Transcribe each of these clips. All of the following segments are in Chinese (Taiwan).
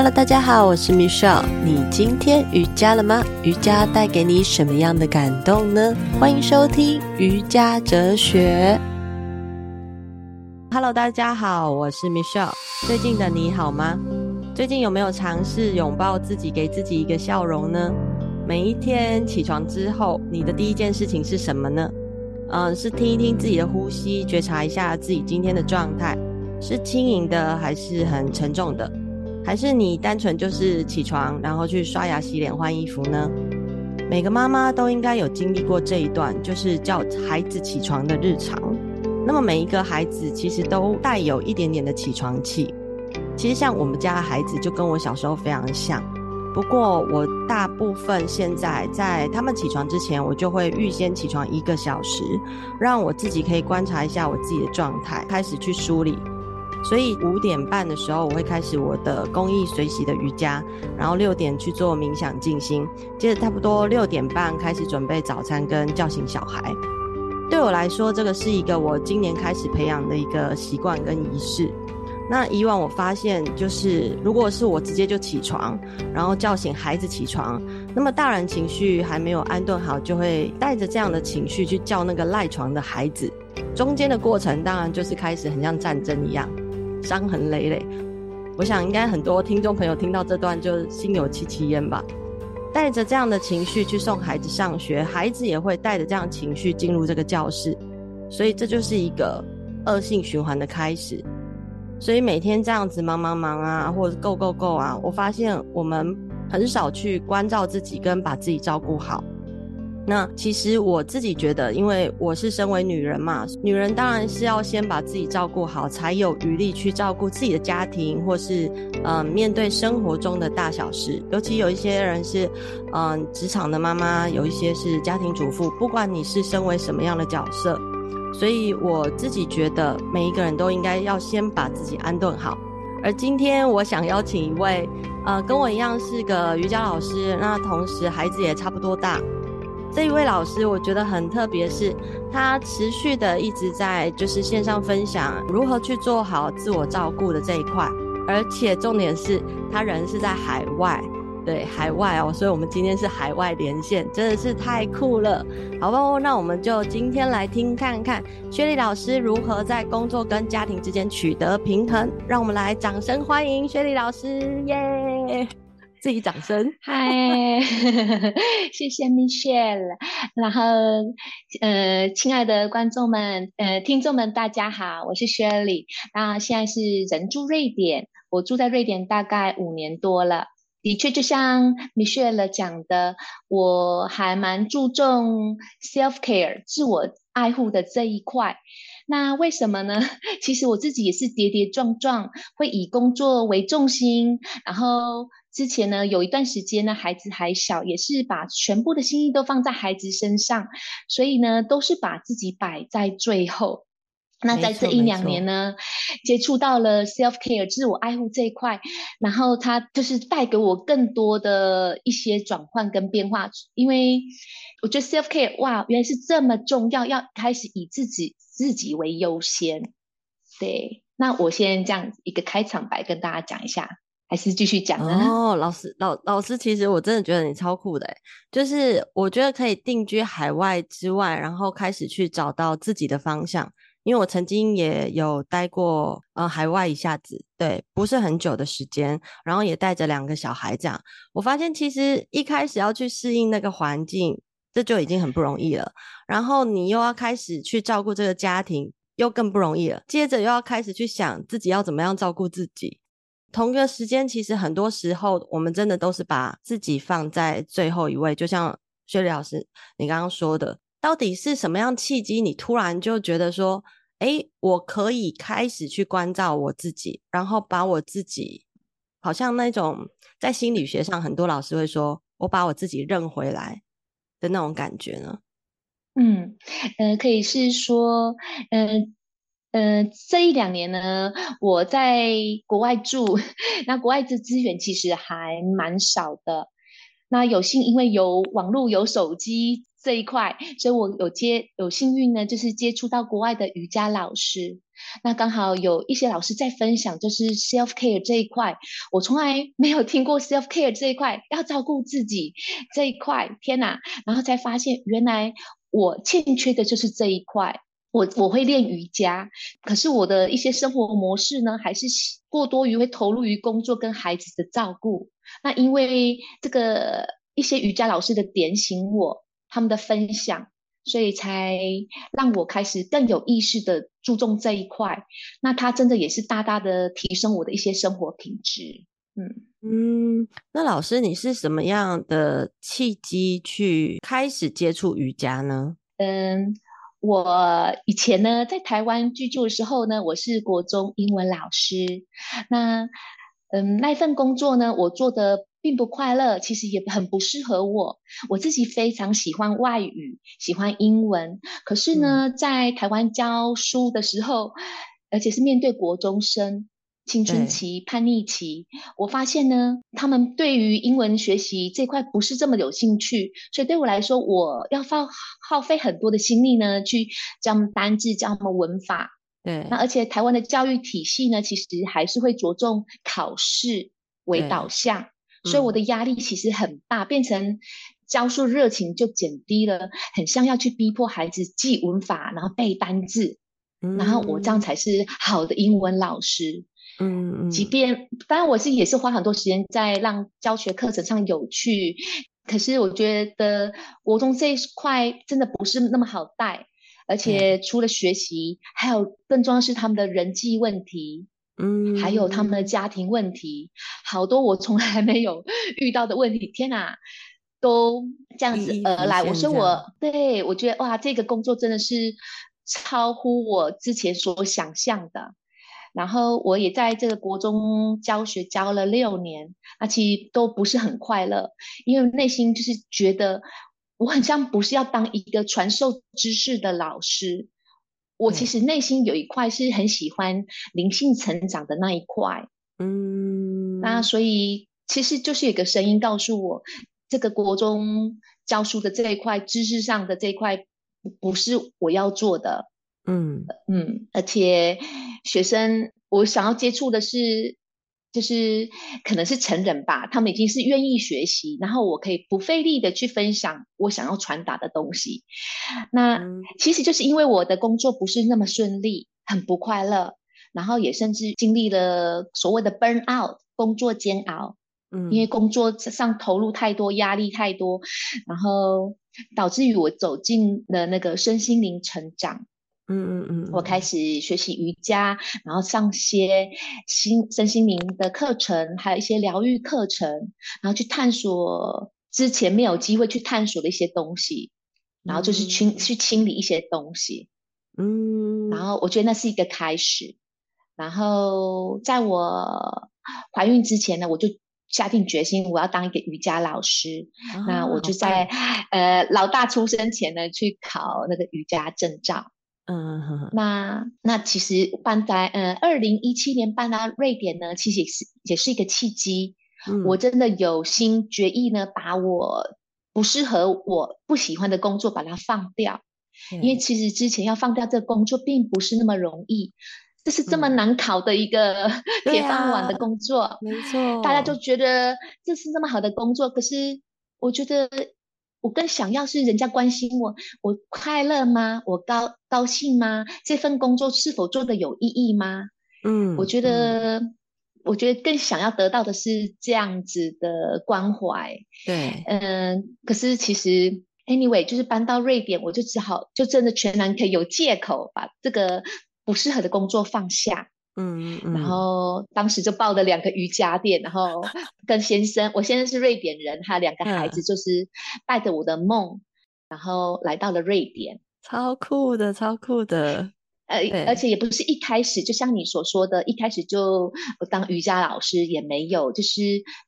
Hello，大家好，我是 Michelle。你今天瑜伽了嗎？瑜伽帶給你什麼樣的感動呢？歡迎收聽瑜伽折學。Hello，大家好，我是 Michelle。最近的你好嗎？最近有沒有嘗試擁抱自己，給自己一個笑容呢？每一天起床之後，你的第一件事情是什麼呢？嗯，是聽一聽自己的呼吸，覺察一下自己今天的狀態，是輕盈的還是很沉重的？還是你單純就是起床，然後去刷牙、洗臉、換衣服呢？每個媽媽都應該有經歷過這一段，就是叫孩子起床的日常。那麼每一個孩子其實都帶有一點點的起床氣。其實像我們家的孩子就跟我小時候非常像。不過我大部分現在在他們起床之前，我就會預先起床一個小時，讓我自己可以觀察一下我自己的狀態，開始去梳理。所以五點半的時候，我會開始我的公益隨喜的瑜伽，然後六點去做冥想靜心，接着差不多六點半開始準備早餐跟叫醒小孩。對我來說，這個是一個我今年開始培養的一個習慣跟儀式。那以往我發現，就是如果是我直接就起床，然後叫醒孩子起床，那麼大人情緒還沒有安頓好，就會帶着這樣的情緒去叫那個賴床的孩子，中間的過程當然就是開始很像戰爭一樣。傷痕累累，我想應該很多聽眾朋友聽到這段就心有戚戚焉吧！帶着這樣的情緒去送孩子上學，孩子也會帶着這樣的情緒進入這個教室，所以這就是一個惡性循環的開始。所以每天這樣子忙忙忙啊，或者 go go go 啊，我發現我們很少去關照自己，跟把自己照顧好。那其實我自己覺得，因為我是身為女人嘛，女人當然是要先把自己照顧好，才有餘力去照顧自己的家庭，或是嗯、呃、面對生活中的大小事。尤其有一些人是嗯、呃、職場的媽媽，有一些是家庭主婦，不管你是身為什麼樣的角色，所以我自己覺得每一個人都應該要先把自己安頓好。而今天我想邀請一位，呃，跟我一樣是個瑜伽老師，那同時孩子也差不多大。這一位老師我覺得很特別，是他持續的一直在就是線上分享如何去做好自我照顧的這一塊，而且重點是他人是在海外，對海外哦，所以我們今天是海外連線，真的是太酷了。好，那我們就今天來聽看看 Shirley 老師如何在工作跟家庭之間取得平衡，讓我們來掌聲歡迎 Shirley 老師，耶、yeah!！自己掌聲，嗨，謝謝 Michelle，然後，呃，親愛的觀眾們，呃，聽眾們，大家好，我是 Shirley，那、啊、現在是人住瑞典，我住在瑞典大概五年多了，的確就像 Michelle 講的，我還蠻注重 self care 自我愛護的這一塊，那為什麼呢？其實我自己也是跌跌撞撞，會以工作為重心，然後，之前呢，有一段時間呢，孩子還小，也是把全部的心意都放在孩子身上，所以呢，都是把自己擺在最後。那在這一兩年呢，接觸到了 self care 自我愛護這一塊，然後它就是帶給我更多的一些轉換跟變化。因為我覺得 self care 哇，原來是這麼重要，要開始以自己自己為優先。對，那我先這樣一個開場白跟大家講一下。還是繼續講哦，老師老老師，其實我真的覺得你超酷的，就是我覺得可以定居海外之外，然後開始去找到自己的方向。因為我曾經也有待過呃海外一下子，對，不是很久的時間，然後也帶着兩個小孩這樣，我發現其實一開始要去適應那個環境，這就已經很不容易了，然後你又要開始去照顧這個家庭，又更不容易了，接着又要開始去想自己要怎麼樣照顧自己。同一個時間，其實很多時候，我們真的都是把自己放在最後一位。就像 Shirley 老師你剛剛說的，到底是什麼樣契機，你突然就覺得說，哎，我可以開始去關照我自己，然後把我自己，好像那種在心理學上，很多老師會說我把我自己認回來的那種感覺呢？嗯，呃，可以是說，嗯、呃。嗯、呃，這一兩年呢，我在國外住，那國外的資源其實還蠻少的。那有幸因為有網絡、有手機這一塊，所以我有接，有幸運呢，就是接觸到國外的瑜伽老師。那剛好有一些老師在分享，就是 self care 這一塊，我從來沒有聽過 self care 這一塊，要照顧自己這一塊，天哪！然後才發現原來我欠缺的就是這一塊。我我會練瑜伽，可是我的一些生活模式呢，還是過多於會投入於工作跟孩子的照顧。那因為這個一些瑜伽老師的點醒我，他們的分享，所以才讓我開始更有意識地注重這一塊。那它真的也是大大的提升我的一些生活品質。嗯嗯，那老師你是什麼樣的契機去開始接觸瑜伽呢？嗯。我以前呢，在台灣居住的時候呢，我是國中英文老師。那，嗯，那份工作呢，我做的並不快樂，其實也很不適合我。我自己非常喜歡外語，喜歡英文，可是呢，嗯，在台灣教書的時候，而且是面對國中生。青春期，叛逆期，我發現呢，他們對於英文學習這塊不是這麼有興趣，所以對我來說，我要發耗費很多的心力呢，去教他們單字，教他們文法。嗯，那而且台灣的教育體系呢，其實還是會着重考試為導向，所以我的壓力其實很大，嗯，變成教書熱情就減低了，很像要去逼迫孩子記文法，然後背單字，嗯，然後我這樣才是好的英文老師。嗯，即便，當然我是也是花很多時間在讓教學課程上有趣，可是我覺得國中這一塊真的不是那麼好帶，而且除了學習，嗯，還有更重要的是他們的人際問題，嗯，還有他們的家庭問題，好多我從來沒有遇到的問題，天哪，都這樣子而來。我說我，對，我覺得，哇，這個工作真的是超乎我之前所想象的。然後我也在這個國中教學教了六年，那其實都不是很快樂，因為內心就是覺得我很像不是要當一個傳授知識的老師，我其實內心有一塊是很喜歡靈性成長的那一塊，嗯，那所以其實就是有個聲音告訴我，這個國中教書的這一塊知識上的這一塊不是我要做的。嗯嗯，而且學生，我想要接觸的是，就是可能是成人吧，他們已經是願意學習，然後我可以不費力的去分享我想要傳達的東西。那其實就是因為我的工作不是那麼順利，很不快樂，然後也甚至經歷了所謂的 burn out，工作煎熬，嗯，因為工作上投入太多，壓力太多，然後導致於我走進了那個身心靈成長。嗯嗯嗯，我開始學習瑜伽，然後上些心身心靈的課程，還有一些療癒課程，然後去探索之前沒有機會去探索的一些東西，然後就是清去、嗯、去清理一些東西，嗯，然後我覺得那是一個開始，然後在我懷孕之前呢，我就下定決心我要當一個瑜伽老師，哦、那我就在呃老大出生前呢去考那個瑜伽證照。嗯哼哼，那那其實搬在嗯，二零一七年搬到，啊、瑞典呢，其實是也是一個契機、嗯。我真的有心決意呢，把我不適合，我不喜歡的工作把它放掉，嗯、因為其實之前要放掉這個工作並不是那麼容易，這是這麼難考的一個、嗯、鐵飯碗的工作。啊、沒錯，大家都覺得這是那麼好的工作，可是我覺得。我更想要是人家關心我，我快樂嗎？我高高興嗎？這份工作是否做得有意義嗎？嗯，我覺得、嗯，我覺得更想要得到的是這樣子的關懷。對，嗯、呃，可是其實，anyway，就是搬到瑞典，我就只好就真的全然可以有借口把這個不適合的工作放下。嗯，嗯，然後當時就報了兩個瑜伽店然後跟先生， 我先生是瑞典人，他兩個孩子就是帶着我的夢，嗯，然後來到了瑞典，超酷的，超酷的。呃，而且也不是一開始，就像你所說的一開始就我當瑜伽老師也沒有，就是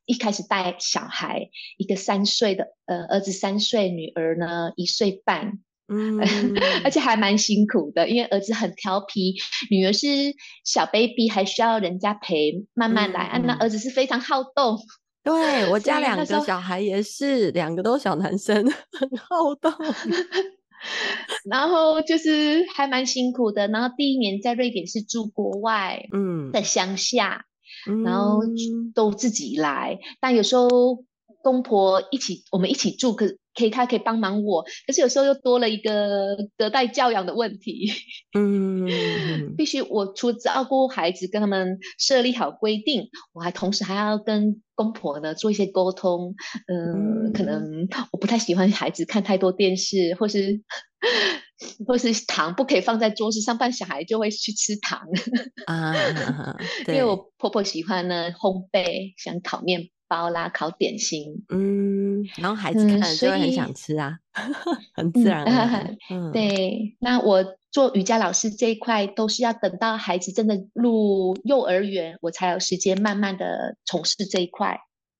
一開始帶小孩，一個三歲的呃兒子三歲，女兒呢一歲半。嗯， 而且還蠻辛苦的，因為兒子很調皮，女兒是小 baby，還需要人家陪，慢慢來。嗯、啊，那兒子是非常好動。對，我家兩個小孩也是，兩 個都小男生，很好動。 然後就是還蠻辛苦的。然後第一年在瑞典是住國外，嗯，在鄉下，然後都自己來。但有時候公婆一起，我們一起住個，可。可以，他可以幫忙我，可是有時候又多了一個隔代教養的問題。嗯， 必須我除了照顧孩子，跟他們設立好規定，我還同時還要跟公婆呢做一些溝通，呃。嗯，可能我不太喜歡孩子看太多電視，或是或是糖不可以放在桌子上，不然小孩就會去吃糖。啊，對， 因為我婆婆喜歡呢烘焙，想烤麵。包啦，烤點心，嗯，然後孩子看了就會很想吃啊，嗯、 很自然嗯，嗯，對。那我做瑜伽老師這一塊，都是要等到孩子真的入幼兒園，我才有時間慢慢的從事這一塊。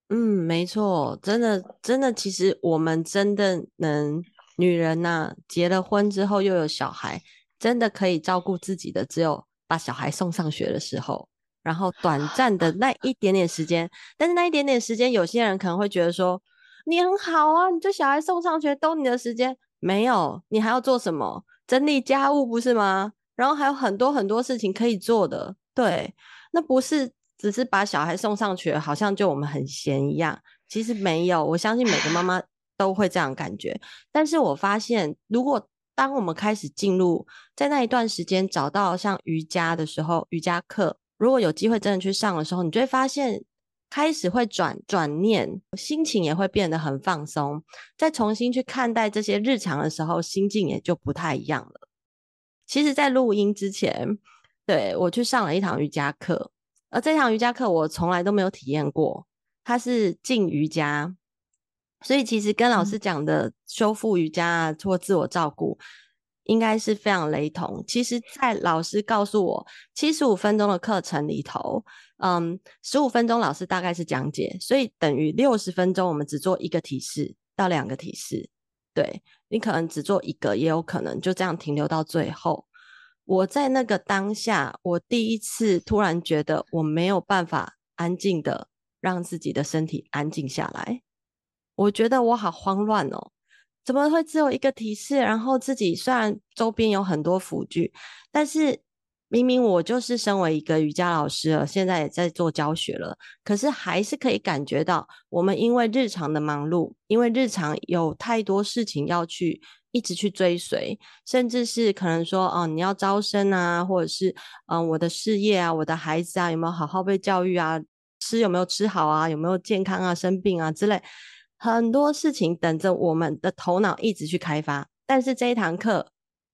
嗯，沒錯，真的，真的，其實我們真的能，女人吶、啊，結了婚之後又有小孩，真的可以照顧自己的，只有把小孩送上學的時候。然後短暫的那一點點時間，但是那一點點時間，有些人可能會覺得說，你很好啊，你這小孩送上學，都你的時間沒有，你還要做什麼？整理家務不是嗎？然後還有很多很多事情可以做的。對，那不是只是把小孩送上去，好像就我們很閒一樣。其實沒有，我相信每個媽媽都會這樣感覺。但是我發現，如果當我們開始進入在那一段時間，找到像瑜伽的時候，瑜伽課。如果有機會真的去上的時候，你就會發現開始會轉轉念，心情也會變得很放鬆。再重新去看待這些日常的時候，心境也就不太一樣了。其實，在錄音之前，對，我去上了一堂瑜伽課，而這堂瑜伽課我從來都沒有體驗過。它是靜瑜伽，所以其實跟老師講的修復瑜伽啊，或自我照顧。應該是非常雷同。其實，在老師告訴我七十五分鐘的課程裡頭，嗯，十五分鐘老師大概是講解，所以等於六十分鐘我們只做一個體式到兩個體式。對，你可能只做一個，也有可能就這樣停留到最後。我在那個當下，我第一次突然覺得我沒有辦法安靜的讓自己的身體安靜下來，我覺得我好慌亂哦。怎麼會只有一個提示？然後自己雖然周邊有很多輔具，但是明明我就是身為一個瑜伽老師了，現在也在做教學了，可是還是可以感覺到，我們因為日常的忙碌，因為日常有太多事情要去一直去追隨，甚至是可能說哦、嗯，你要招生啊，或者是嗯，我的事業啊，我的孩子啊，有沒有好好被教育啊？吃有沒有吃好啊？有沒有健康啊？生病啊之類。很多事情等着我們的頭腦一直去開發，但是這一堂課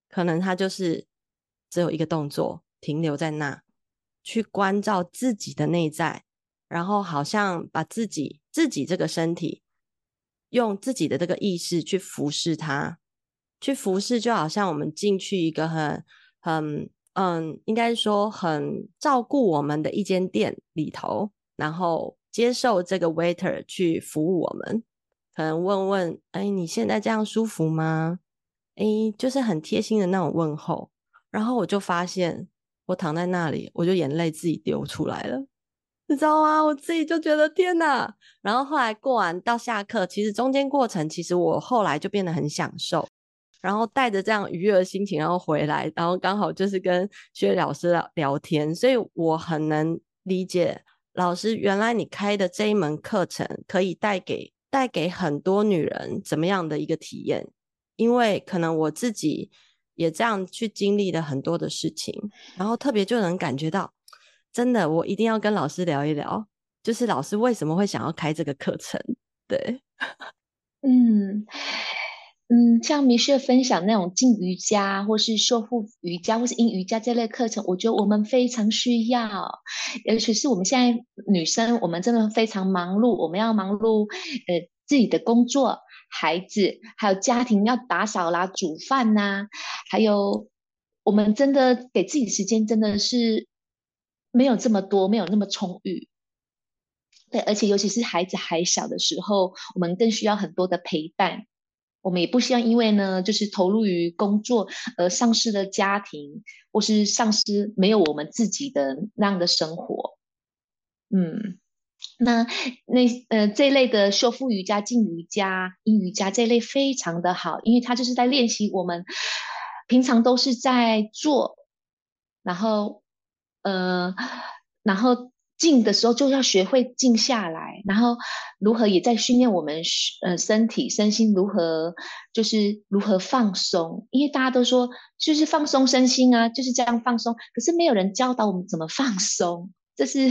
可能它就是只有一個動作，停留在那，去關照自己的內在，然後好像把自己自己這個身體用自己的這個意識去服侍他，去服侍，就好像我們進去一個很很嗯，應該說很照顧我們的一間店裡頭，然後接受這個 waiter 去服務我們。可能問問，哎、欸，你現在這樣舒服嗎？哎、欸，就是很貼心的那種問候。然後我就發現，我躺在那裡，我就眼淚自己流出來了，你知道嗎？我自己就覺得天哪！然後後來過完到下課，其實中間過程，其實我後來就變得很享受。然後帶着這樣愉悅的心情，然後回來，然後剛好就是跟薛老師聊天，所以我很能理解老師。原來你開的這一門課程可以帶給。帶給很多女人怎麼樣的一個體驗？因為可能我自己也這樣去經歷了很多的事情，然後特別就能感覺到，真的，我一定要跟老師聊一聊，就是老師為什麼會想要開這個課程？對，嗯。嗯，像米雪分享那種靜瑜伽，或是修復瑜伽，或是陰瑜伽這類課程，我覺得我們非常需要。尤其是我們現在女生，我們真的非常忙碌，我們要忙碌呃自己的工作、孩子，還有家庭要打掃啦、煮飯吶、啊，還有我們真的給自己時間真的是沒有這麼多，沒有那麼充裕。對，而且尤其是孩子還小的時候，我們更需要很多的陪伴。我們也不希望因為呢，就是投入於工作而喪失了家庭，或是喪失沒有我們自己的那樣的生活。嗯，那那呃，這一類的修復瑜伽、靜瑜伽、陰瑜伽，這一類非常的好，因為它就是在練習我們平常都是在做，然後呃，然後。靜的時候就要學會靜下來，然後如何也在訓練我們，呃，身體身心如何就是如何放鬆。因為大家都說就是放鬆身心啊，就是這樣放鬆。可是沒有人教導我們怎麼放鬆，這是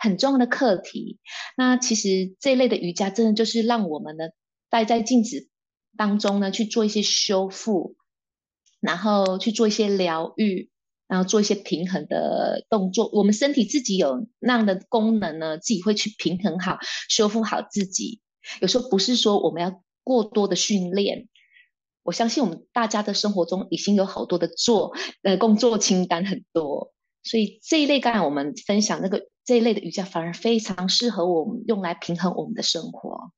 很重要的課題。那其實這一類的瑜伽真的就是讓我們呢，待在靜止當中呢，去做一些修復，然後去做一些療癒。然後做一些平衡的動作，我們身體自己有那樣的功能呢，自己會去平衡好、修復好自己。有時候不是說我們要過多的訓練，我相信我們大家的生活中已經有好多的做，呃，工作清單很多，所以這一類剛才我們分享那個這一類的瑜伽反而非常適合我們用來平衡我們的生活。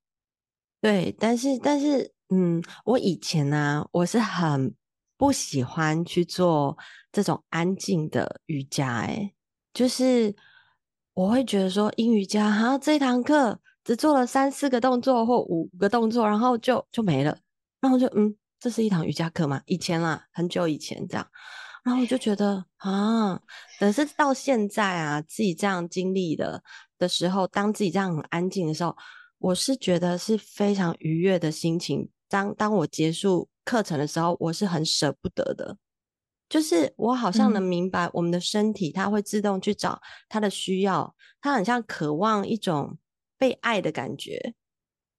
對，但是但是，嗯，我以前呢、啊，我是很不喜歡去做。這種安靜的瑜伽，欸，哎，就是我會覺得說陰瑜伽，陰瑜伽，哈，這一堂課只做了三四個動作或五個動作，然後就就沒了，然後就嗯，這是一堂瑜伽課嗎？以前啦，很久以前這樣，然後我就覺得啊，可是到現在啊，自己這樣經歷的的時候，當自己這樣很安靜的時候，我是覺得是非常愉悅的心情。當當我結束課程的時候，我是很舍不得的。就是我好像能明白，我們的身體它會自動去找它的需要、嗯，它很像渴望一種被愛的感覺。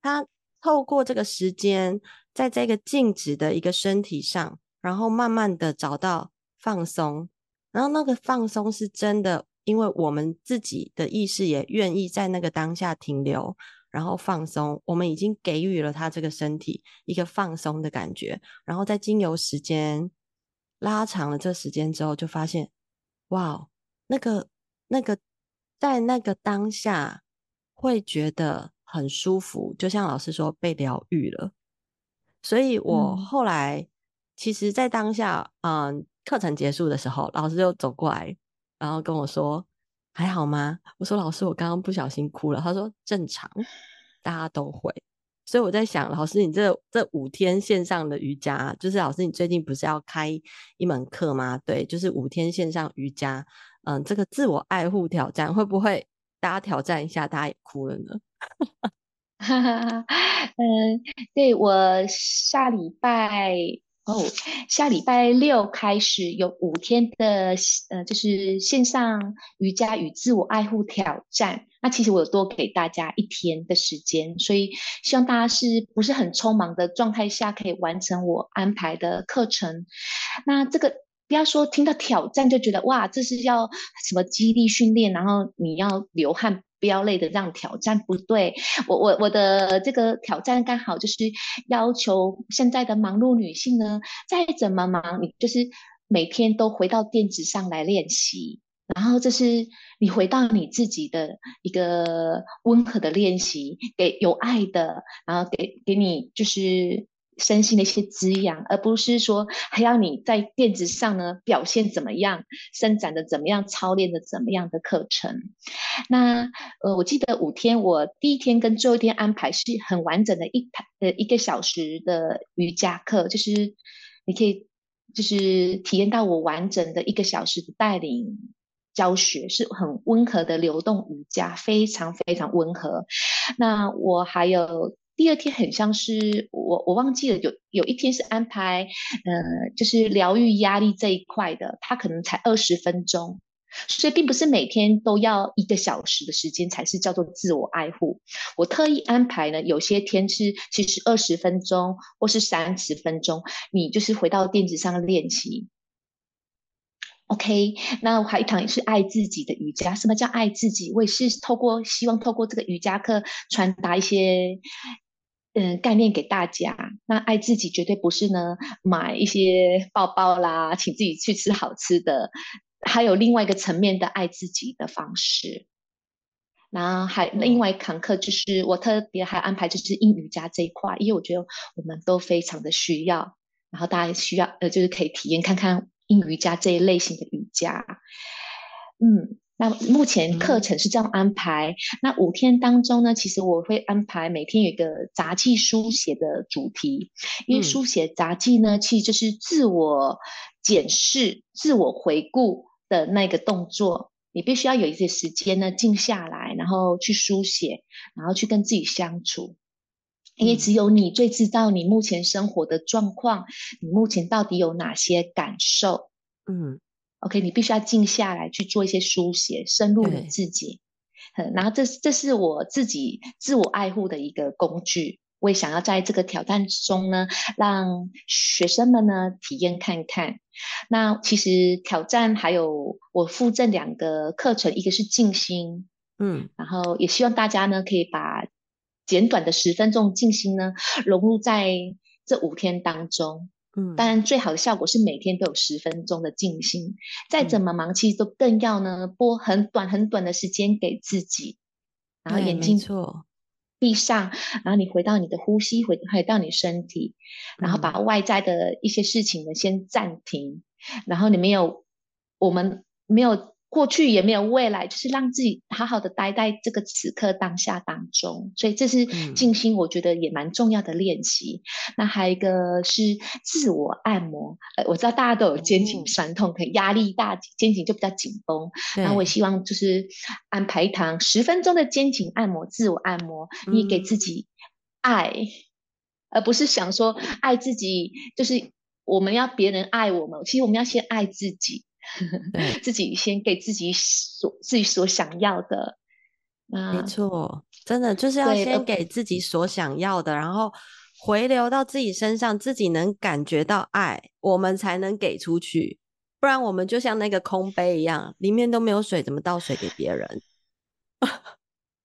它透過這個時間，在這個靜止的一個身體上，然後慢慢的找到放鬆。然後那個放鬆是真的，因為我們自己的意識也願意在那個當下停留，然後放鬆。我們已經給予了它這個身體一個放鬆的感覺，然後再經由時間。拉長了這時間之後，就發現，哇，那個那個在那個當下會覺得很舒服，就像老師說被療癒了。所以我後來、嗯、其實，在當下，嗯、呃，課程結束的時候，老師就走過來，然後跟我說：“還好嗎？”我說：“老師，我剛剛不小心哭了。”他說：“正常，大家都會。”所以我在想，老師，你這這五天線上的瑜伽，就是老師，你最近不是要開一門課嗎？對，就是五天線上瑜伽，嗯，這個自我愛護挑戰，會不會大家挑戰一下，大家也哭了呢？ 嗯，對，我下禮拜。哦、oh，下禮拜六開始有五天的，呃，就是線上瑜伽與自我愛護挑戰。那其實我有多給大家一天的時間，所以希望大家是不是很匆忙的狀態下可以完成我安排的課程。那這個不要說聽到挑戰就覺得哇，這是要什麼激勵訓練，然後你要流汗。不要累的讓挑戰不對，我我我的這個挑戰剛好就是要求現在的忙碌女性呢，再怎麼忙，你就是每天都回到墊子上來練習，然後這是你回到你自己的一個溫和的練習，給有愛的，然後給給你就是。身心的一些滋養，而不是說還要你在墊子上呢表現怎麼樣、伸展的怎麼樣、操練的怎麼樣的課程。那呃，我記得五天，我第一天跟最後一天安排是很完整的一台的、呃、一個小時的瑜伽課，就是你可以就是體驗到我完整的一個小時的帶領教學，是很溫和的流動瑜伽，非常非常溫和。那我還有。第二天很像是我，我忘記了有有一天是安排，呃，就是療癒壓力這一塊的，他可能才二十分鐘，所以並不是每天都要一個小時的時間才是叫做自我愛護。我特意安排呢，有些天是其實二十分鐘或是三十分鐘，你就是回到墊子上練習。OK，那我還有一堂也是愛自己的瑜伽，什麼叫愛自己？我也是透過希望透過這個瑜伽課傳達一些。嗯，概念給大家。那愛自己絕對不是呢買一些包包啦，請自己去吃好吃的，還有另外一個層面的愛自己的方式。然後還那另外一堂課就是我特別還安排就是陰瑜伽這一塊，因為我覺得我們都非常的需要，然後大家需要呃就是可以體驗看看陰瑜伽這一類型的瑜伽，嗯。那目前課程是這樣安排，嗯，那五天當中呢，其實我會安排每天有一個札記書寫的主題，嗯、因為書寫札記呢，其實就是自我檢視、自我回顧的那個動作。你必須要有一些時間呢，靜下來，然後去書寫，然後去跟自己相處，嗯、因為只有你最知道你目前生活的狀況，你目前到底有哪些感受？嗯。OK，你必須要靜下來去做一些書寫，深入你自己。嗯、然後這，這這是我自己自我愛護的一個工具。我也想要在這個挑戰中呢，讓學生們呢體驗看看。那其實挑戰還有我附贈兩個課程，一個是靜心，嗯，然後也希望大家呢可以把簡短，短的十分鐘靜心呢融入在這五天當中。嗯，當然，最好的效果是每天都有十分鐘的靜心、嗯。再怎麼忙，其實都更要呢，撥很短很短的時間給自己，然後眼睛閉上，然後你回到你的呼吸，回回到你身體，然後把外在的一些事情呢、嗯、先暫停，然後你沒有，嗯、我們沒有。過去也沒有未來，就是讓自己好好的待在這個此刻當下當中，所以這是靜心，我覺得也蠻重要的練習、嗯。那還有一個是自我按摩，呃、我知道大家都有肩頸痠痛、嗯，可能壓力大，肩頸就比較緊繃。那、嗯、我也希望就是安排一堂十分鐘的肩頸按摩，自我按摩，你給自己愛、嗯，而不是想說愛自己，就是我們要別人愛我們，其實我們要先愛自己。 自己先給自己所自己所想要的，沒錯，真的就是要先給自己所想要的，okay. 然後回流到自己身上，自己能感覺到愛，我們才能給出去，不然我們就像那個空杯一樣，裡面都沒有水，怎麼倒水給別人？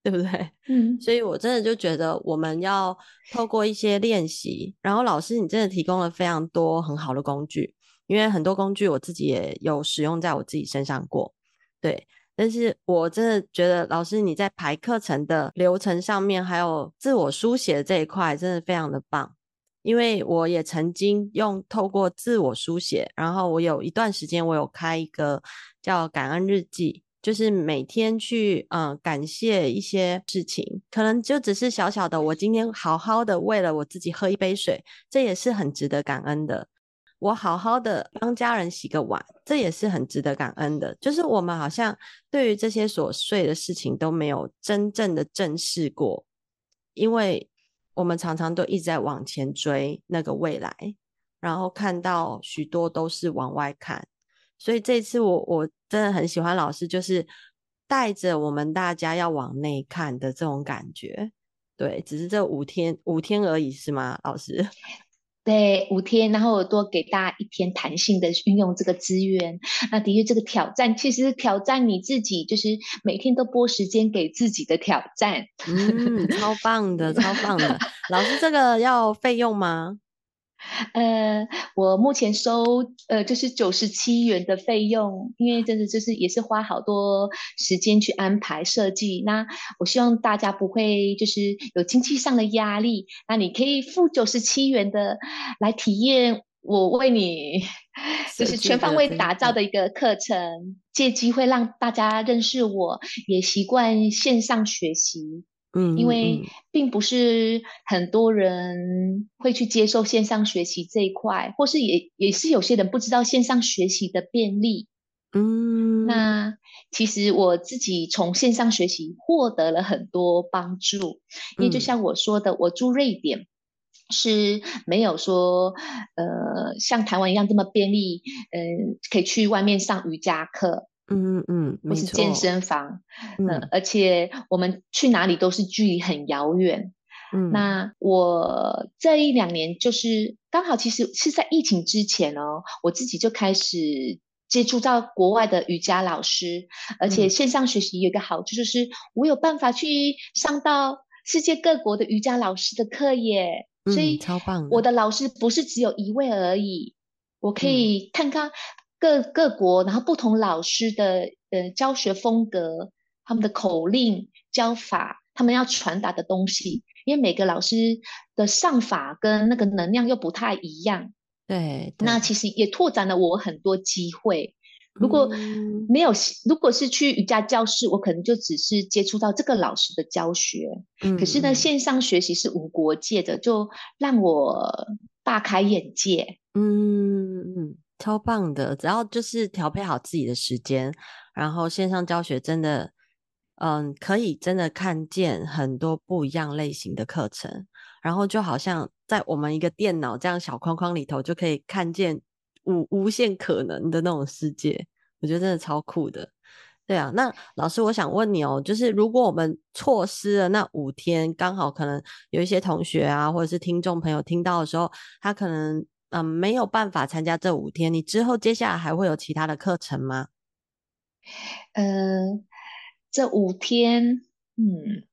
對不對？嗯，所以我真的就覺得我們要透過一些練習，然後老師你真的提供了非常多很好的工具。因為很多工具我自己也有使用在我自己身上過，對，但是我真的覺得老師你在排課程的流程上面，還有自我書寫的這一塊，真的非常的棒。因為我也曾經用透過自我書寫，然後我有一段時間我有開一個叫感恩日記，就是每天去嗯感謝一些事情，可能就只是小小的，我今天好好的為了我自己喝一杯水，這也是很值得感恩的。我好好的幫家人洗個碗，這也是很值得感恩的。就是我們好像對於這些瑣碎的事情都沒有真正的正視過，因為我們常常都一直在往前追那個未來，然後看到許多都是往外看。所以這次我我真的很喜歡老師，就是帶着我們大家要往內看的這種感覺。對，只是這五天，五天而已是嗎，老師？對，五天，然後我多給大家一天彈性的運用這個資源。那的確，這個挑戰其實是挑戰你自己，就是每天都撥時間給自己的挑戰。嗯，超棒的， 超棒的。老師，這個要費用嗎？ 呃，我目前收呃就是九十七元的費用，因為真的就是也是花好多時間去安排設計。那我希望大家不會就是有經濟上的壓力，那你可以付九十七元的來體驗我為你就是全方位打造的一個課程，借機會讓大家認識我，也習慣線上學習。嗯，因為並不是很多人會去接受線上學習這一塊，或是也也是有些人不知道線上學習的便利。嗯，那其實我自己從線上學習獲得了很多幫助，嗯，因為就像我說的，我住瑞典，是沒有說呃像台灣一樣這麼便利，嗯，呃，可以去外面上瑜伽課。嗯嗯嗯，不、嗯、是健身房，嗯，嗯，而且我們去哪裡都是距離很遙遠。嗯，那我這一兩年就是剛好，其實是在疫情之前哦，我自己就開始接觸到國外的瑜伽老師，而且線上學習有一個好處就是，我有辦法去上到世界各國的瑜伽老師的課耶。嗯，超棒。所以我的老師不是只有一位而已，我可以看看、嗯。各各國，然後不同老師的呃教學風格，他們的口令教法，他們要傳達的東西，因為每個老師的上法跟那個能量又不太一樣。對，對。那其實也拓展了我很多機會。嗯、如果沒有，如果是去瑜伽教室，我可能就只是接觸到這個老師的教學。嗯、可是呢，線上學習是無國界的，就讓我大開眼界。嗯嗯。超棒的，只要就是調配好自己的時間，然後線上教學真的，嗯，可以真的看見很多不一樣類型的課程，然後就好像在我們一個電腦這樣小框框裡頭，就可以看見無無限可能的那種世界，我覺得真的超酷的。對啊，那老師，我想問你哦，就是如果我們錯失了那五天，剛好可能有一些同學啊，或者是聽眾朋友聽到的時候，他可能。嗯、呃，沒有辦法參加這五天。你之後接下來還會有其他的課程嗎？嗯、呃，這五天，嗯，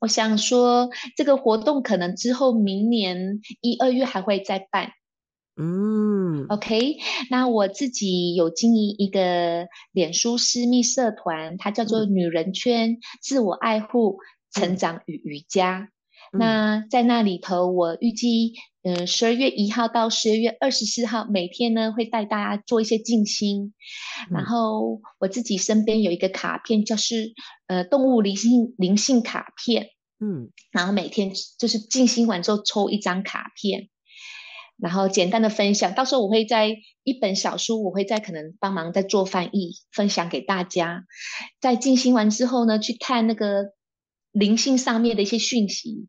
我想說這個活動可能之後明年一二月還會再辦。嗯，OK，那我自己有經營一個臉書私密社團，它叫做“女人圈、嗯、自我愛護成長與瑜伽”嗯。那在那裡頭，我預計。嗯、呃，十二月一號到十二月二十四號，每天呢會帶大家做一些靜心、嗯，然後我自己身邊有一個卡片，就是呃動物靈性靈性卡片，嗯，然後每天就是靜心完之後抽一張卡片，然後簡單的分享。到時候我會在一本小書，我會再可能幫忙再做翻譯，分享給大家。在靜心完之後呢，去看那個。靈性上面的一些訊息，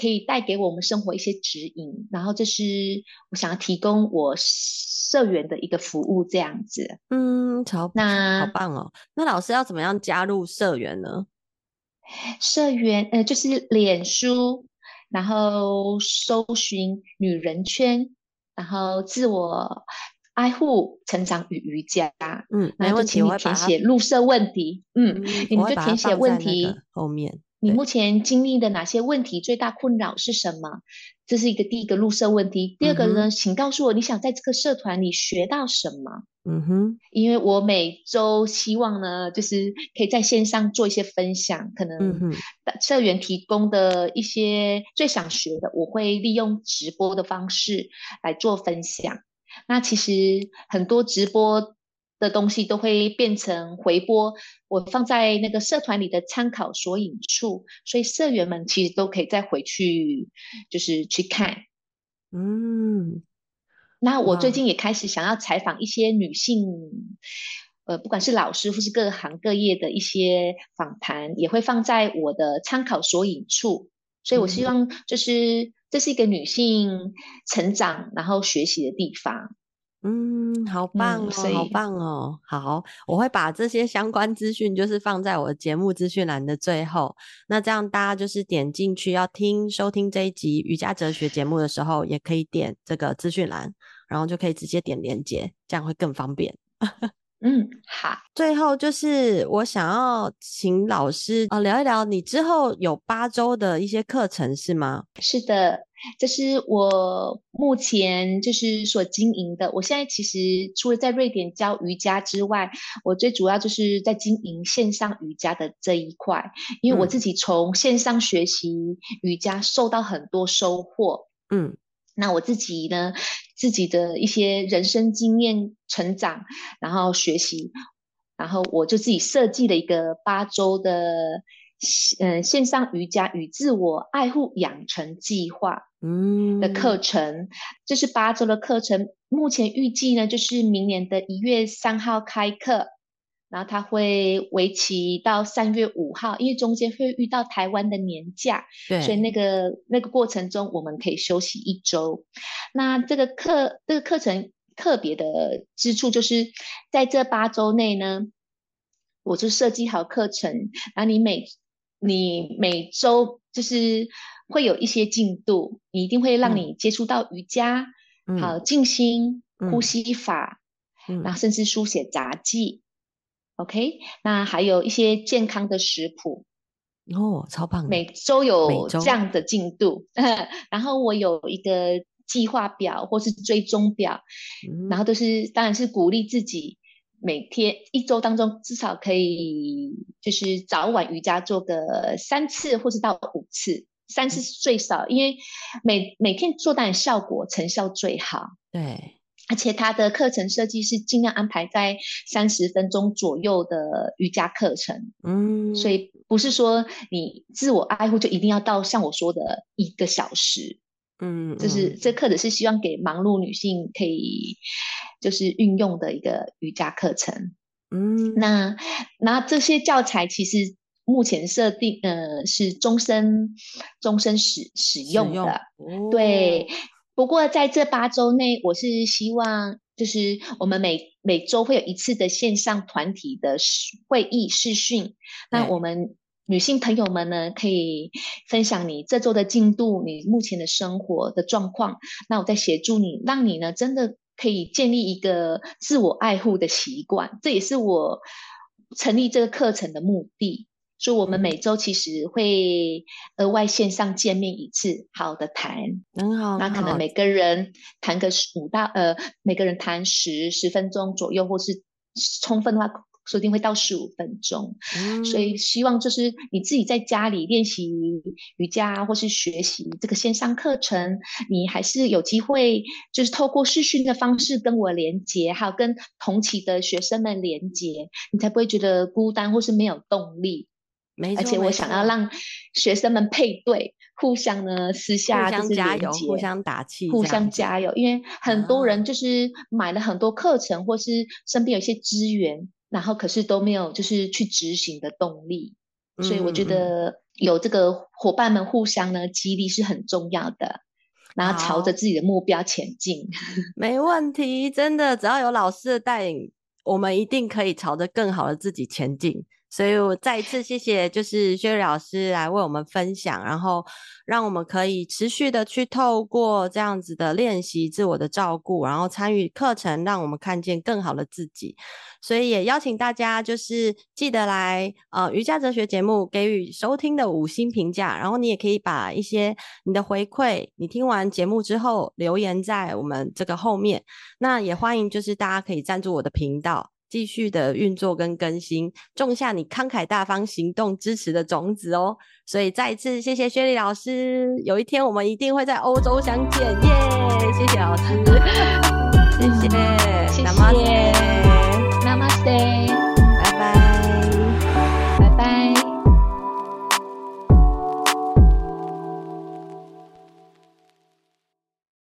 可以帶給我們生活一些指引。然後，這是我想要提供我社員的一個服務，這樣子。嗯，超那好棒哦。那老師要怎麼樣加入社員呢？社員呃，就是臉書，然後搜尋女人圈，然後自我愛護、成長與瑜伽。嗯，然後請你填寫入社問題。嗯，你就填寫問題後面。你目前經歷的哪些問題？最大困擾是什麼？這是一個第一個入社問題。第二個呢，嗯哼、請告訴我你想在這個社團裡學到什麼？嗯哼，因為我每週希望呢，就是可以在線上做一些分享，可能社員提供的一些最想學的，嗯哼、我會利用直播的方式來做分享。那其實很多直播，的東西都會變成回播，我放在那個社團裡的參考索引處，所以社員們其實都可以再回去，就是去看。嗯，那我最近也開始想要採訪一些女性，呃，不管是老師或是各行各業的一些訪談，也會放在我的參考索引處。所以我希望，就是、嗯、這是一個女性成長然後學習的地方。嗯，好棒哦，好棒哦。好，我會把這些相關資訊，就是放在我的節目資訊欄的最後。那這樣大家就是點進去要聽收聽這一集瑜伽哲學節目的時候，也可以點這個資訊欄，然後就可以直接點連接，這樣會更方便。 嗯，好。最後就是我想要請老師啊、呃、聊一聊你之後有八周的一些課程是嗎？是的。這是我目前就是所經營的。我現在其實除了在瑞典教瑜伽之外，我最主要就是在經營線上瑜伽的這一塊。因為我自己從線上學習瑜伽受到很多收穫，嗯，那我自己呢，自己的一些人生經驗、成長，然後學習，然後我就自己設計了一個八周的。嗯，線上瑜伽與自我愛護養成計劃，嗯的課程，這、嗯就是八周的課程，目前預計呢就是明年的一月三號開課，然後它會為期到三月五號，因為中間會遇到台灣的年假，對，所以那個那個過程中我們可以休息一周。那這個課這個課程特別的之處就是在這八周內呢，我就設計好課程，然後你每。你每週就是會有一些進度，你一定會讓你接觸到瑜伽，好，靜心，呼吸法、嗯，然後甚至書寫雜記、嗯、OK，那還有一些健康的食譜，哦，超棒的！每週有這樣的進度， 然後我有一個計劃表或是追蹤表、嗯，然後都、就是當然是鼓勵自己。每天一周當中至少可以就是早晚瑜伽做個三次或是到五次，三次是最少，嗯，因為每每天做的效果成效最好。對，而且它的課程設計是盡量安排在三十分鐘左右的瑜伽課程。嗯，所以不是說你自我愛護就一定要到像我說的一個小時。嗯、嗯，就是這課程是希望給忙碌女性可以就是運用的一個瑜伽課程。嗯，那那這些教材其實目前設定呃是終身終身使使用的使用、哦，對。不過在這八周內，我是希望就是我們每每周會有一次的線上團體的會議視訊、嗯，那我們。女性朋友們呢，可以分享你這周的進度，你目前的生活的狀況。那我再協助你，讓你呢真的可以建立一個自我愛護的習慣，這也是我成立這個課程的目的。所以，我們每周其實會額外線上見面一次，好的談，很、嗯、好，好。那可能每個人談個五到呃，每個人談十十分鐘左右，或是充分的話，說不定會到十五分鐘，嗯，所以希望就是你自己在家裡練習瑜伽，或是學習這個線上課程，你還是有機會就是透過視訊的方式跟我連接，還有跟同期的學生們連接，你才不會覺得孤單或是沒有動力。沒錯，而且我想要讓學生們配對，互相呢私下就是連結，互相加油，互相打氣，互相加油，因為很多人就是買了很多課程，或是身邊有一些資源。然後可是都沒有，就是去執行的動力。嗯，所以我覺得有這個夥伴們互相呢、嗯、激勵是很重要的，然後朝着自己的目標前進。沒問題，真的，只要有老師的帶領，我們一定可以朝着更好的自己前進。所以我再一次謝謝，就是 Shirley 老師來為我們分享，然後讓我們可以持續的去透過這樣子的練習，自我的照顧，然後參與課程，讓我們看見更好的自己。所以也邀請大家，就是記得來呃瑜伽哲學節目給予收聽的五星評價，然後你也可以把一些你的回饋，你聽完節目之後留言在我們這個後面。那也歡迎就是大家可以贊助我的頻道。繼續的運作跟更新，種下你慷慨大方行動支持的種子哦。所以再一次謝謝 Shirley 老師，有一天我們一定會在歐洲相見，耶、yeah!！謝謝老師 謝謝、嗯，謝謝，謝謝，媽媽 s